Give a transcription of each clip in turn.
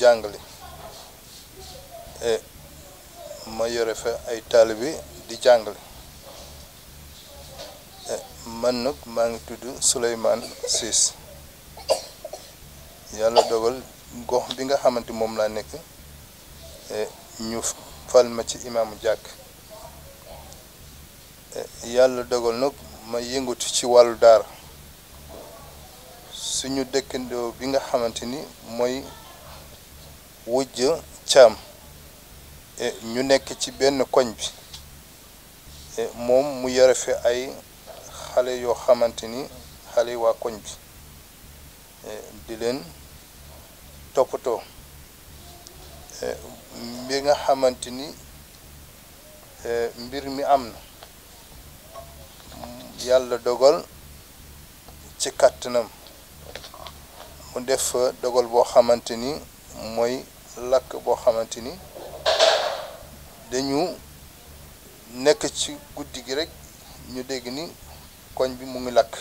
jàngale e ma yore fa ay taalibe di jàngale e, man nag maa ngi tudd Souleymane Ciss yàlla dogal gox bi nga xamante moom laa nekk e, ñu fal ma ci imaamu jàkk e, yàlla dogal nag ma yëngatu ci wàllu daar suñu dëkkandoo bi nga xamante ni mooy wujj caam e, ñu nekk ci benn koñ bi e, moom mu yore fi ay xale yoo xamante ni xale yi waa koñ bi e, di leen toppatoo bi nga xamante ni mbir mi am na yàlla dogal ci kàttanam mu def dogal boo xamante ni mooy làkk boo xamante ni dañu nekk ci guddi gi rekk ñu dégg ni koñ bi mu ngi làkk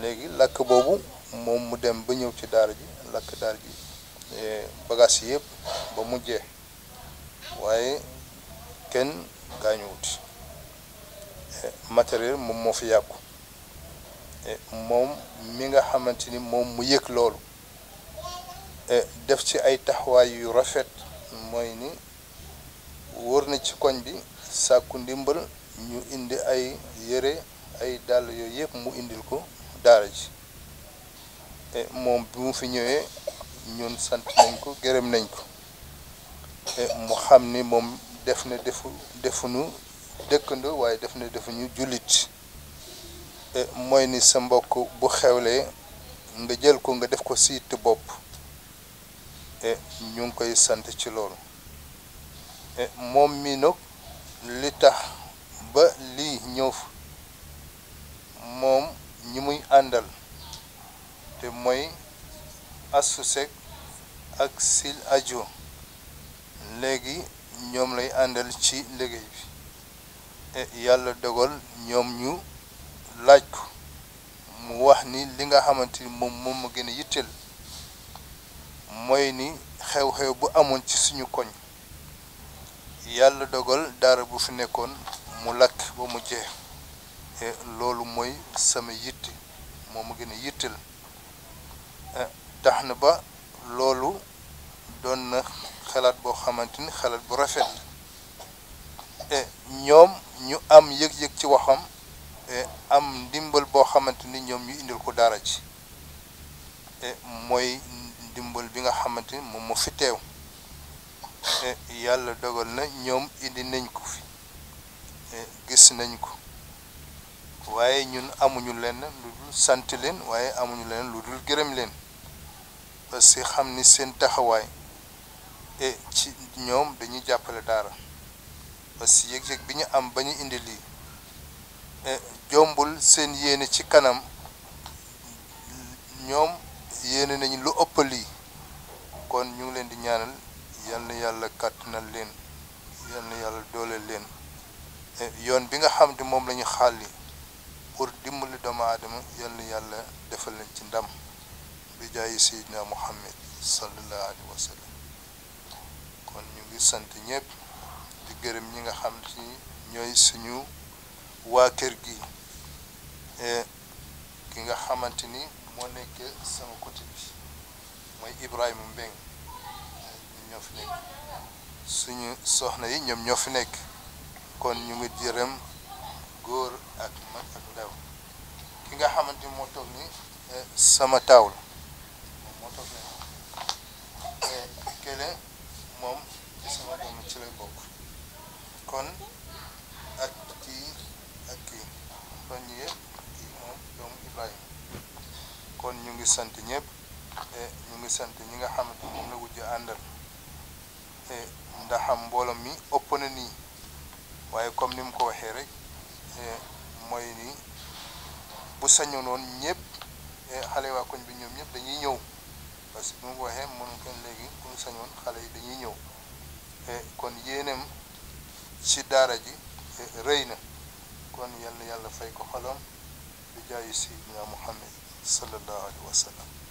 léegi làkk boobu moom mu dem ba ñëw ci daara ji làkk daara ji eh, bagages yi yëpp ba mujje waaye kenn gaañuwut eh, matériel moom moo fi yàggu eh, moom mi nga xamante ni moom mu yëg loolu E, def ci ay taxawaay yu rafet mooy ni wóor na ci koñ bi sàkku ndimbal ñu indi ay yére ay dàll yooyu yëpp mu indil ko daara ji e, moom bi mu fi ñëwee ñun sant nañ ko gërëm nañ ko e, mu xam ni moom def na defu defuñu dëkkandoo waaye def na defuñu jullit mooy ni sa mbokk bu xewlee nga jël ko nga def ko siit bopp e ñu ngi koy sant ci loolu eh, moom mi nag li tax ba lii ñëw moom ñi muy àndal te mooy asusek ak sil ajo léegi ñoom lay àndal ci liggéey bi e yàlla dogal ñoom ñu laaj ko mu wax ni li nga xamante ni moom moom ma gën a yitteel mooy ni xew-xew bu amoon ci suñu koñ yàlla dogal daara bu fi nekkoon mu lakk ba mu jeex e, loolu mooy sama yitte moo ma gën a yittal e, tax na ba loolu doon na xalaat boo xamante ni xalaat bu rafet e, ñoom ñu am yëg-yëg ci waxam am ndimbal boo xamante ni ñoom ñu indil ko daara ji mooy ndimbal bi nga xamante ni moom moo fi teew yàlla dogal na ñoom indi nañ ko fi gis nañ ko waaye ñun amuñu leen lu dul sant leen waaye amuñu leen lu dul gërëm leen parce que xam ni seen taxawaay ci ñoom dañuy jàppale daara parce que yëg-yëg bi ñu am ba ñu indi lii jombul seen yéene ci kanam ñoom yéene nañu lu ëpp lii kon ñu ngi leen di ñaanal yal na yàlla na leen yal na yàlla dooleel leen e, yoon bi nga xam di moom la ñu xàlli pour dimbali doomu aadama yal na yàlla defal leen ci ndam bi jaayi Seydina Muhammad sallallahu alayhi wa sallam kon ñu ngi sant ñëpp di gërëm ñi nga xam ci ñooy suñu waa kër gi. E, ki nga xamante ni moo nekk sama koti bi mooy Ibrahima Mbeng ñoo nekk suñu soxna yi ñoom ñoo fi nekk kon ñu ngi jërëm góor ak mag ak ndaw ki nga xamante ni moo toog ni eh, sama taawul moom moo toog eh, ne kele moom ci sama doom bokk kon ngi sant ñëpp eh, ñu ngi sant ñi nga xamante moom la wujj àndal eh, ndax am mbooloo mi ëpp na nii waaye comme ni mu ko waxee rek eh, mooy nii bu sañoon woon ñëpp xale waa koñ bi ñoom ñëpp dañuy ñëw parce que bu mu ko waxee mënu kenn léegi bu mu sañoon xale yi dañuy ñëw kon yéeneem ci daara ji rëy na kon yàlla yàlla fay ko xolam di jaayu si Seydina Muhammad صلى الله عليه وسلم